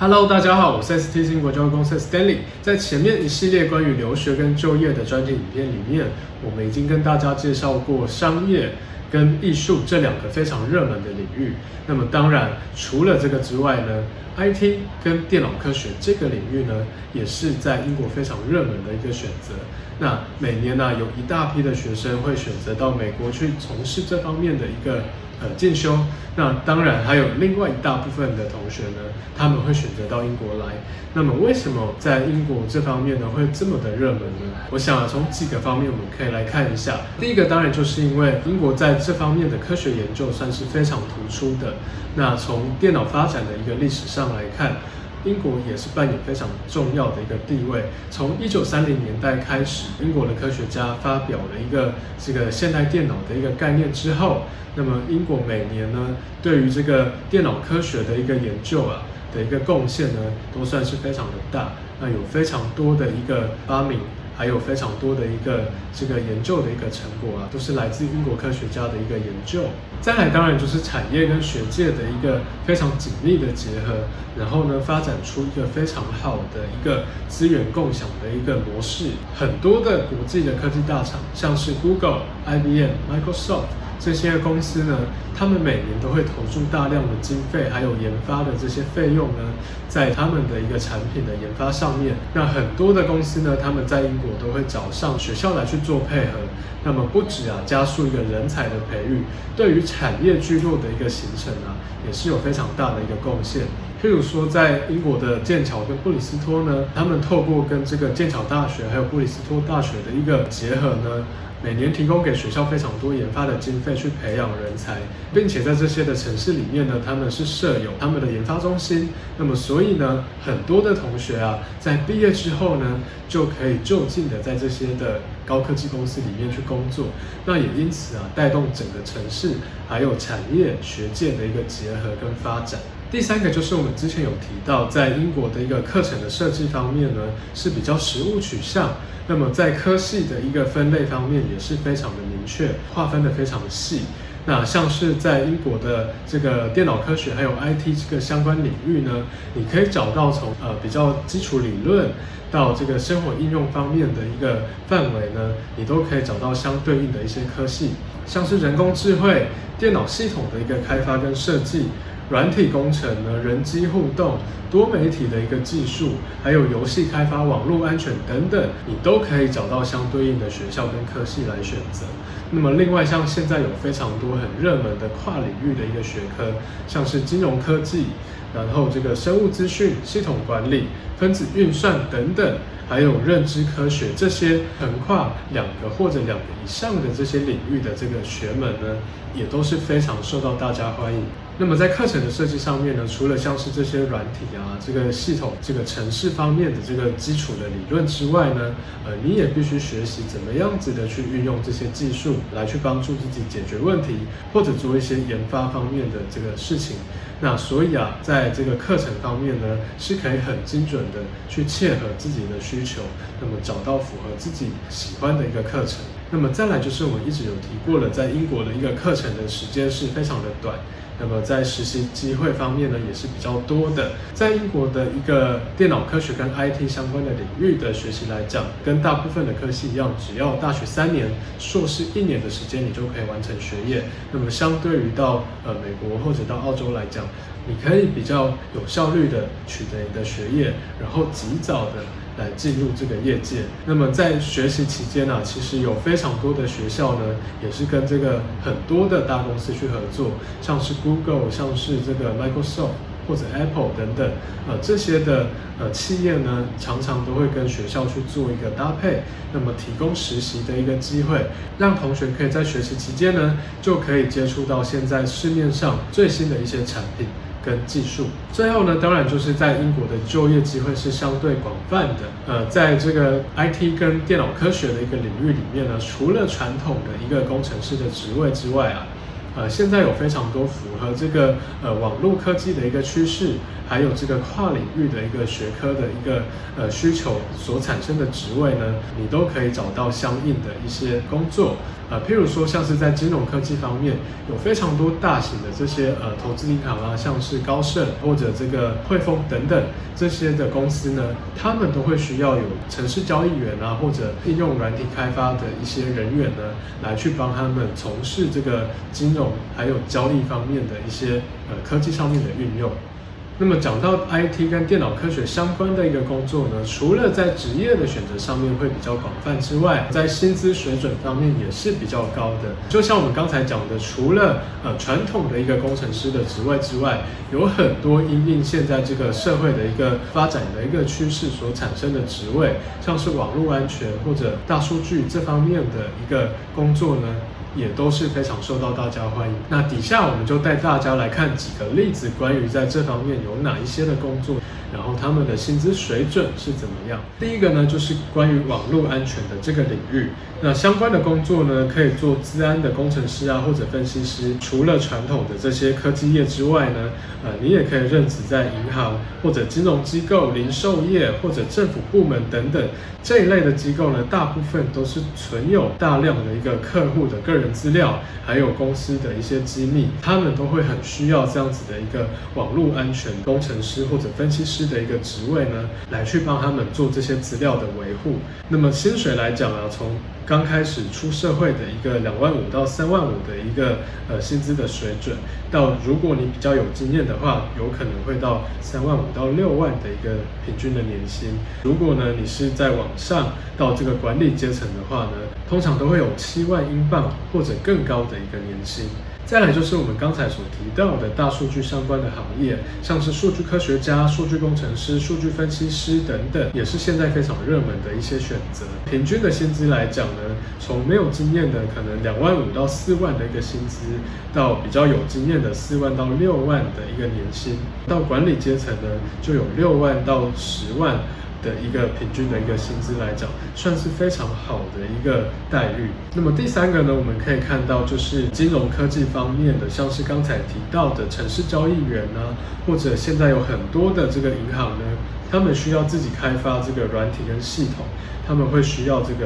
Hello，大家好，我是 STC 國際公司 Stanley。在前面一系列關於留學跟就業的專題影片裡面。我們已經跟大家介紹過商業跟藝術這兩個非常熱門的領域。那麼當然，除了這個之外呢，IT 跟電腦科學這個領域呢，也是在英國非常熱門的一個選擇。那每年呢、啊，有一大批的學生會選擇到美國去從事這方面的一個呃進修。那當然，還有另外一大部分的同學呢，他們會選擇到英國來。那麼為什麼在英國這方面呢，會這麼的熱門呢？我想從幾個方面我們可以。來看一下，第一個當然就是因為英國在這方面的科學研究算是非常突出的。那從電腦發展的一個歷史上來看，英國也是扮演非常重要的一個地位。從一九三零年代開始，英國的科學家發表了一個這個現代電腦的一個概念之後，那麼英國每年呢，對於這個電腦科學的一個研究啊的一個貢獻呢，都算是非常的大。那有非常多的一個發明。還有非常多的一個這個研究的一個成果啊，都是來自英國科學家的一個研究。再來，當然就是產業跟學界的一個非常緊密的結合，然後呢，發展出一個非常好的一個資源共享的一個模式。很多的國際的科技大廠，像是 Google、IBM、Microsoft。這些公司呢，他們每年都會投入大量的經費，還有研發的這些費用呢，在他們的一個產品的研發上面。那很多的公司呢，他們在英國都會找上學校來去做配合。那麼不止啊，加速一個人才的培育，對於產業聚落的一個形成啊，也是有非常大的一個貢獻。譬如說，在英國的劍橋跟布里斯托呢，他們透過跟這個劍橋大學還有布里斯托大學的一個結合呢。每年提供給學校非常多研發的經費去培養人才，並且在這些的城市裡面呢，他們是設有他們的研發中心。那麼所以呢，很多的同學啊，在畢業之後呢，就可以就近的在這些的高科技公司裡面去工作。那也因此啊，帶動整個城市還有產業學界的一個結合跟發展。第三個就是我們之前有提到，在英國的一個課程的設計方面呢，是比較實務取向。那麼在科系的一個分類方面也是非常的明確，劃分的非常的細。那像是在英國的這個電腦科學還有 IT 這個相關領域呢，你可以找到從呃比較基礎理論到這個生活應用方面的一個範圍呢，你都可以找到相對應的一些科系，像是人工智慧、電腦系統的一個開發跟設計，軟體工程呢，人機互動、多媒體的一個技術，還有遊戲開發、網絡安全等等，你都可以找到相對應的學校跟科系來選擇。那麼，另外像現在有非常多很熱門的跨領域的一個學科，像是金融科技，然後這個生物資訊、系統管理、分子運算等等，還有認知科學這些橫跨兩個或者兩個以上的這些領域的這個學門呢，也都是非常受到大家歡迎。那麼在課程的設計上面呢，除了像是這些軟體啊、這個系統、這個程式方面的這個基礎的理論之外呢，呃，你也必須學習怎麼樣子的去運用這些技術來去幫助自己解決問題，或者做一些研發方面的這個事情。那所以啊，在這個課程方面呢，是可以很精準的去切合自己的需求，那麼找到符合自己喜歡的一個課程。那麼再來就是我們一直有提過了，在英國的一個課程的時間是非常的短，那麼在實習機會方面呢，也是比較多的。在英國的一個電腦科學跟 IT 相關的領域的學習來講，跟大部分的科系一樣，只要大學三年，碩士一年的時間，你就可以完成學業。那麼相對於到呃美國或者到澳洲來講，你可以比較有效率的取得你的學業，然後及早的。來進入這個業界。那麼在學習期間呢，其實有非常多的學校呢，也是跟這個很多的大公司去合作，像是 Google，像是這個 Microsoft 或者 Apple 等等。呃，這些的呃企業呢，常常都會跟學校去做一個搭配，那麼提供實習的一個機會，讓同學可以在學習期間呢，就可以接觸到現在市面上最新的一些產品。跟技術，最後呢，當然就是在英國的就業機會是相對廣泛的。呃，在這個 IT 跟電腦科學的一個領域裡面呢，除了傳統的一個工程師的職位之外啊，呃，現在有非常多符合這個呃網絡科技的一個趨勢，還有這個跨領域的一個學科的一個呃需求所產生的職位呢，你都可以找到相應的一些工作。呃，譬如說，像是在金融科技方面，有非常多大型的這些呃投資銀行啊，像是高盛或者這個匯豐等等這些的公司呢，他們都會需要有程式交易員啊，或者應用軟體開發的一些人員呢，來去幫他們從事這個金融還有交易方面的一些呃科技上面的運用。那麼講到 IT 跟電腦科學相關的一個工作呢，除了在職業的選擇上面會比較廣泛之外，在薪資水準方面也是比較高的。就像我們剛才講的，除了呃傳統的一個工程師的職位之外，有很多因應現在這個社會的一個發展的一個趨勢所產生的職位，像是網絡安全或者大數據這方面的一個工作呢。也都是非常受到大家歡迎。那底下我們就帶大家來看幾個例子，關於在這方面有哪一些的工作。然後他們的薪資水準是怎麼樣？第一個呢，就是關於網絡安全的這個領域。那相關的工作呢，可以做資安的工程師啊，或者分析師。除了傳統的這些科技業之外呢，呃，你也可以任職在銀行或者金融機構、零售業或者政府部門等等。這一類的機構呢，大部分都是存有大量的一個客戶的個人資料，還有公司的一些機密，他們都會很需要這樣子的一個網絡安全工程師或者分析師的一個職位呢，來去幫他們做這些資料的維護。那麼薪水來講啊，從剛開始出社會的一個兩萬五到三萬五的一個呃薪資的水準，到如果你比較有經驗的話，有可能會到三萬五到六萬的一個平均的年薪。如果呢，你是在往上到這個管理階層的話呢，通常都會有七萬英鎊或者更高的一個年薪。再來就是我們剛才所提到的大數據相關的行業，像是數據科學家、數據工程師、數據分析師等等，也是現在非常熱門的一些選擇。平均的薪資來講呢，從沒有經驗的可能兩萬五到四萬的一個薪資，到比較有經驗的四萬到六萬的一個年薪，到管理階層呢，就有六萬到十萬。的一個平均的一個薪資來講，算是非常好的一個待遇。那麼第三個呢，我們可以看到就是金融科技方面的，像是剛才提到的城市交易員呢啊，或者現在有很多的這個銀行呢，他們需要自己開發這個軟體跟系統。他們會需要這個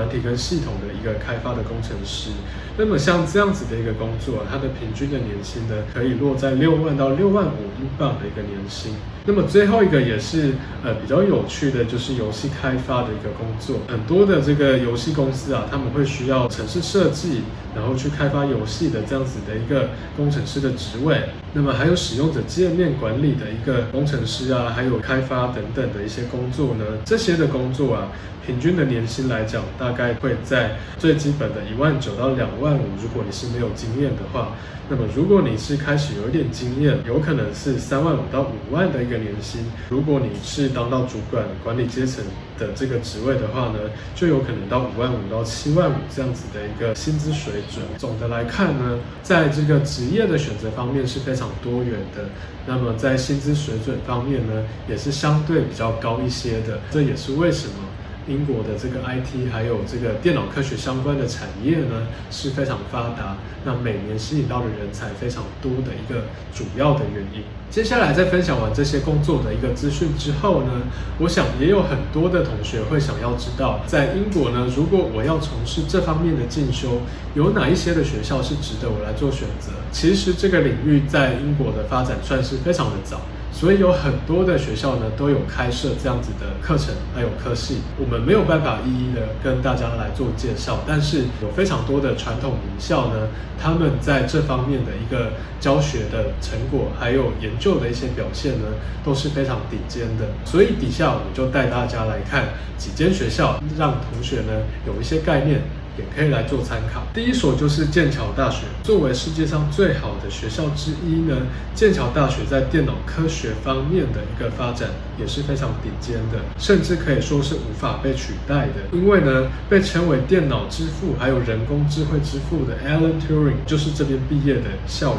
軟體跟系統的一個開發的工程師。那麼像這樣子的一個工作啊，它的平均的年薪呢，可以落在六萬到六萬五英鎊的一個年薪。那麼最後一個也是呃比較有趣的，就是遊戲開發的一個工作。很多的這個遊戲公司啊，他們會需要城市設計，然後去開發遊戲的這樣子的一個工程師的職位。那麼還有使用者界面管理的一個工程師啊，還有開發等等的一些工作呢，這些的工作啊，平均的年薪來講，大概會在最基本的一萬九到兩萬五。如果你是沒有經驗的話，那麼如果你是開始有一點經驗，有可能是三萬五到五萬的一個年薪。如果你是當到主管、管理階層的這個職位的話呢，就有可能到五萬五到七萬五這樣子的一個薪資水準。總的來看呢，在這個職業的選擇方面是非常多元的，那麼在薪資水準方面呢，也是相對比較高一些的。這也是為什麼。英國的這個 IT 還有這個電腦科學相關的產業呢，是非常發達，那每年吸引到的人才非常多的一個主要的原因。接下來在分享完這些工作的一個資訊之後呢，我想也有很多的同學會想要知道，在英國呢，如果我要從事這方面的進修，有哪一些的學校是值得我來做選擇？其實這個領域在英國的發展算是非常的早。所以有很多的學校呢，都有開設這樣子的課程，還有科系，我們沒有辦法一一的跟大家來做介紹。但是有非常多的傳統名校呢，他們在這方面的一個教學的成果，還有研究的一些表現呢，都是非常頂尖的。所以底下我就就帶大家來看幾間學校，讓同學呢有一些概念，也可以來做參考。第一所就是劍橋大學，作為世界上最好的學校之一呢，劍橋大學在電腦科學方面的一個發展也是非常頂尖的，甚至可以說是無法被取代的。因為呢，被稱為“電腦之父”還有“人工智慧之父”的 Alan Turing 就是這邊畢業的校友，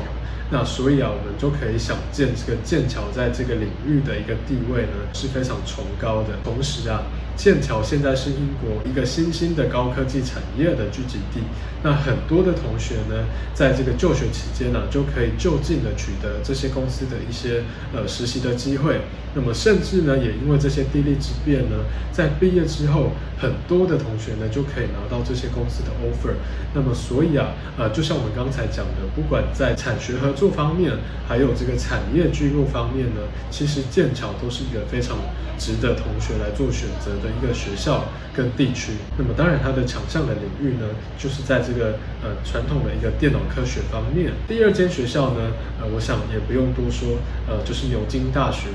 那所以啊，我們就可以想見這個劍橋在這個領域的一個地位呢，是非常崇高的。同時啊，劍橋現在是英國一個新興的高科技產業的聚集地，那很多的同學呢，在這個就學期間呢、啊，就可以就近的取得這些公司的一些呃實習的機會，那麼甚至呢，也因為這些地利之便呢，在畢業之後，很多的同學呢就可以拿到這些公司的 offer，那麼所以啊，呃，就像我們剛才講的，不管在產學合作方面，還有這個產業聚落方面呢，其實劍橋都是一個非常值得同學來做選擇的。一個學校跟地區，那麼當然它的強項的領域呢，就是在這個呃傳統的一個電腦科學方面。第二間學校呢，呃，我想也不用多說，呃，就是牛津大學。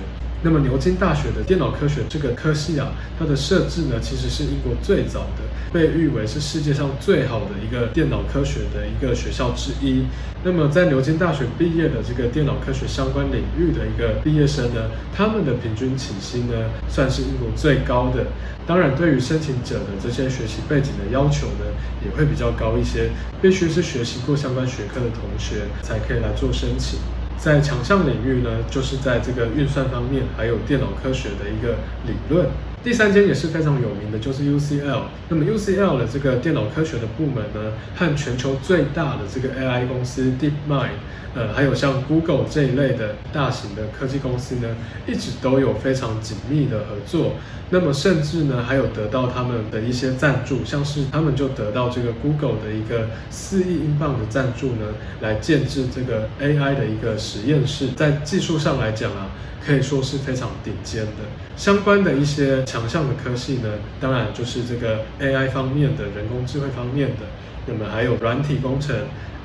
那麼牛津大學的電腦科學這個科系啊，它的設置呢，其實是英國最早的。被譽為是世界上最好的一個電腦科學的一個學校之一。那麼，在牛津大學畢業的這個電腦科學相關領域的一個畢業生呢，他們的平均起薪呢，算是英國最高的。當然，對於申請者的這些學習背景的要求呢，也會比較高一些，必須是學習過相關學科的同學才可以來做申請。在強項領域呢，就是在這個運算方面，還有電腦科學的一個理論。第三間也是非常有名的，就是 UCL。那麼 UCL 的這個電腦科學的部門呢，和全球最大的這個 AI 公司 DeepMind，呃，還有像 Google 這一類的大型的科技公司呢，一直都有非常緊密的合作。那麼甚至呢，還有得到他們的一些贊助，像是他們就得到這個 Google 的一個四億英鎊的贊助呢，來建置這個 AI 的一個實驗室。在技術上來講啊。可以說是非常頂尖的，相關的一些強項的科系呢，當然就是這個 AI 方面的人工智慧方面的，那麼還有軟體工程，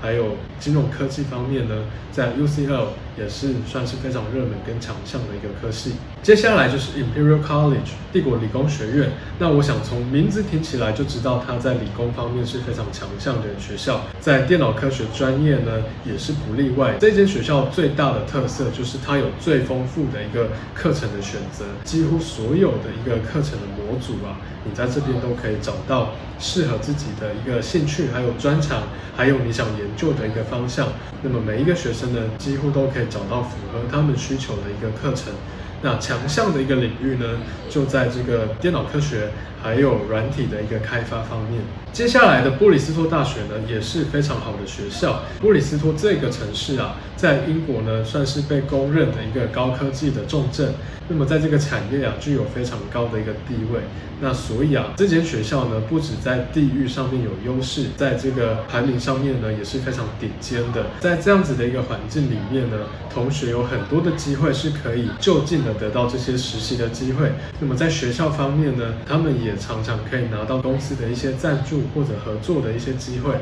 還有金融科技方面呢，在 UCL。也是算是非常熱門跟強項的一個科系。接下來就是 Imperial College 帝國理工學院。那我想從名字聽起來就知道，它在理工方面是非常強項的學校。在電腦科學專業呢，也是不例外。這間學校最大的特色就是它有最豐富的一個課程的選擇，幾乎所有的一個課程的模組啊，你在這邊都可以找到適合自己的一個興趣，還有專長，還有你想研究的一個方向。那麼每一個學生呢，幾乎都可以。找到符合他們需求的一個課程，那強項的一個領域呢，就在這個電腦科學還有軟體的一個開發方面。接下來的布里斯托大學呢，也是非常好的學校。布里斯托這個城市啊，在英國呢，算是被公認的一個高科技的重鎮，那麼在這個產業啊，具有非常高的一個地位。那所以啊，這間學校呢，不止在地域上面有優勢，在這個排名上面呢，也是非常頂尖的。在這樣子的一個環境裡面呢，同學有很多的機會是可以就近的得到這些實習的機會。那麼在學校方面呢，他們也常常可以拿到公司的一些贊助或者合作的一些機會。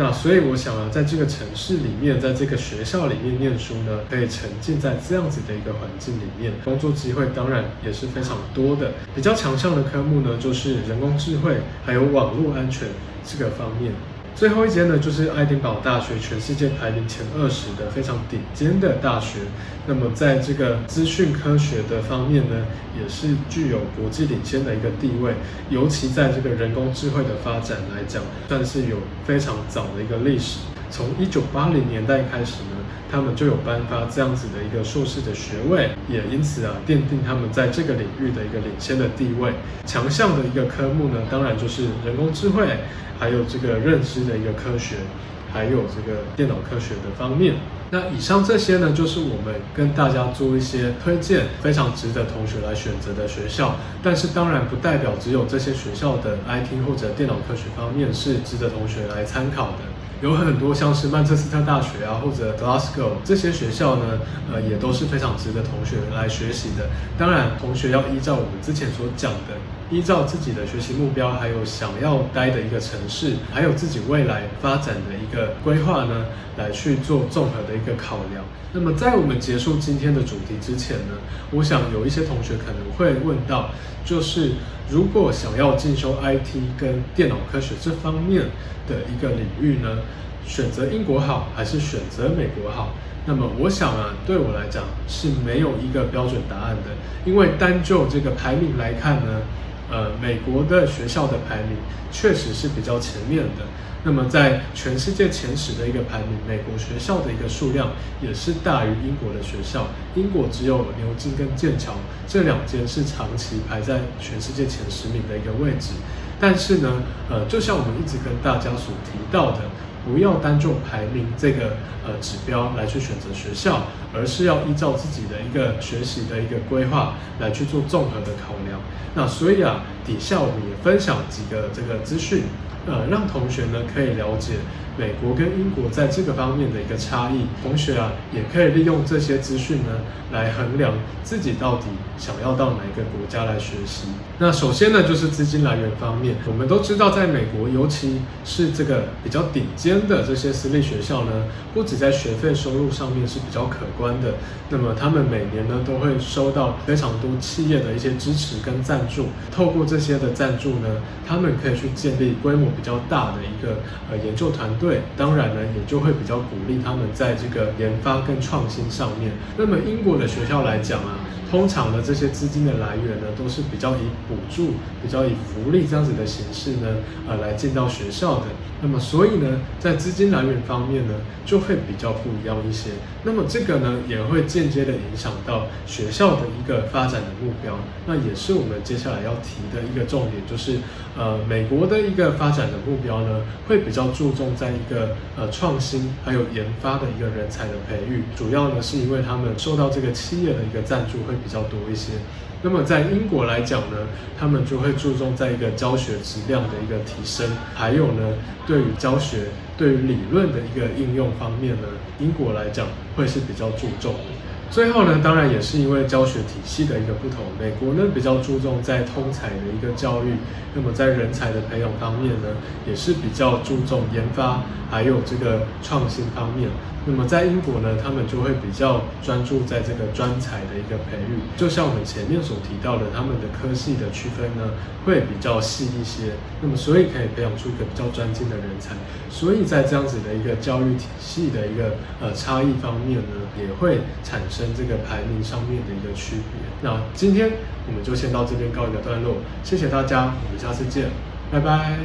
那所以我想啊，在這個城市裡面，在這個學校裡面念書呢，可以沉浸在這樣子的一個環境裡面，工作機會當然也是非常多的。比較強項的科目呢，就是人工智慧，還有網絡安全這個方面。最後一間呢，就是愛丁堡大學，全世界排名前二十的非常頂尖的大學。那麼，在這個資訊科學的方面呢，也是具有國際領先的一個地位，尤其在這個人工智慧的發展來講，算是有非常早的一個歷史，從一九八零年代開始呢。他們就有頒發這樣子的一個碩士的學位，也因此啊奠定他們在這個領域的一個領先的地位。強項的一個科目呢，當然就是人工智慧，還有這個認知的一個科學，還有這個電腦科學的方面。那以上這些呢，就是我們跟大家做一些推薦，非常值得同學來選擇的學校。但是當然不代表只有這些學校的 IT 或者電腦科學方面是值得同學來參考的。有很多像是曼徹斯特大學啊，或者 Glasgow 這些學校呢，呃，也都是非常值得同學來學習的。當然，同學要依照我們之前所講的，依照自己的學習目標，還有想要待的一個城市，還有自己未來發展的一個規劃呢，來去做綜合的一個考量。那麼在我們結束今天的主題之前呢，我想有一些同學可能會問到，就是如果想要進修 IT 跟電腦科學這方面，的一個領域呢，選擇英國好還是選擇美國好？那麼我想啊，對我來講是沒有一個標準答案的，因為單就這個排名來看呢，呃，美國的學校的排名確實是比較前面的。那麼在全世界前十的一個排名，美國學校的一個數量也是大於英國的學校，英國只有牛津跟劍橋這兩間是長期排在全世界前十名的一個位置。但是呢，呃，就像我們一直跟大家所提到的，不要單用排名這個呃指標來去選擇學校，而是要依照自己的一個學習的一個規劃來去做綜合的考量。那所以啊，底下我們也分享幾個這個資訊，呃，讓同學呢可以了解。美國跟英國在這個方面的一個差異，同學啊，也可以利用這些資訊呢，來衡量自己到底想要到哪一個國家來學習。那首先呢，就是資金來源方面，我們都知道，在美國，尤其是這個比較頂尖的這些私立學校呢，不止在學費收入上面是比較可觀的，那麼他們每年呢，都會收到非常多企業的一些支持跟贊助。透過這些的贊助呢，他們可以去建立規模比較大的一個呃研究團隊。對，當然呢，也就會比較鼓勵他們在這個研發跟創新上面。那麼英國的學校來講啊。通常的這些資金的來源呢，都是比較以補助、比較以福利這樣子的形式呢，呃，來進到學校的。那麼，所以呢，在資金來源方面呢，就會比較不一樣一些。那麼，這個呢，也會間接的影響到學校的一個發展的目標。那也是我們接下來要提的一個重點，就是，呃，美國的一個發展的目標呢，會比較注重在一個呃創新還有研發的一個人才的培育。主要呢，是因為他們受到這個企業的一個贊助會。比較多一些，那麼在英國來講呢，他們就會注重在一個教學質量的一個提升，還有呢，對於教學、對於理論的一個應用方面呢，英國來講會是比較注重的。最後呢，當然也是因為教學體系的一個不同。美國呢比較注重在通才的一個教育，那麼在人才的培養方面呢，也是比較注重研發還有這個創新方面。那麼在英國呢，他們就會比較專注在這個專才的一個培育。就像我們前面所提到的，他們的科系的區分呢會比較細一些，那麼所以可以培養出一個比較專精的人才。所以在這樣子的一個教育體系的一個呃差異方面呢，也會產生。跟這個排名上面的一個區別。那今天我們就先到這邊告一個段落，謝謝大家，我們下次見，拜拜。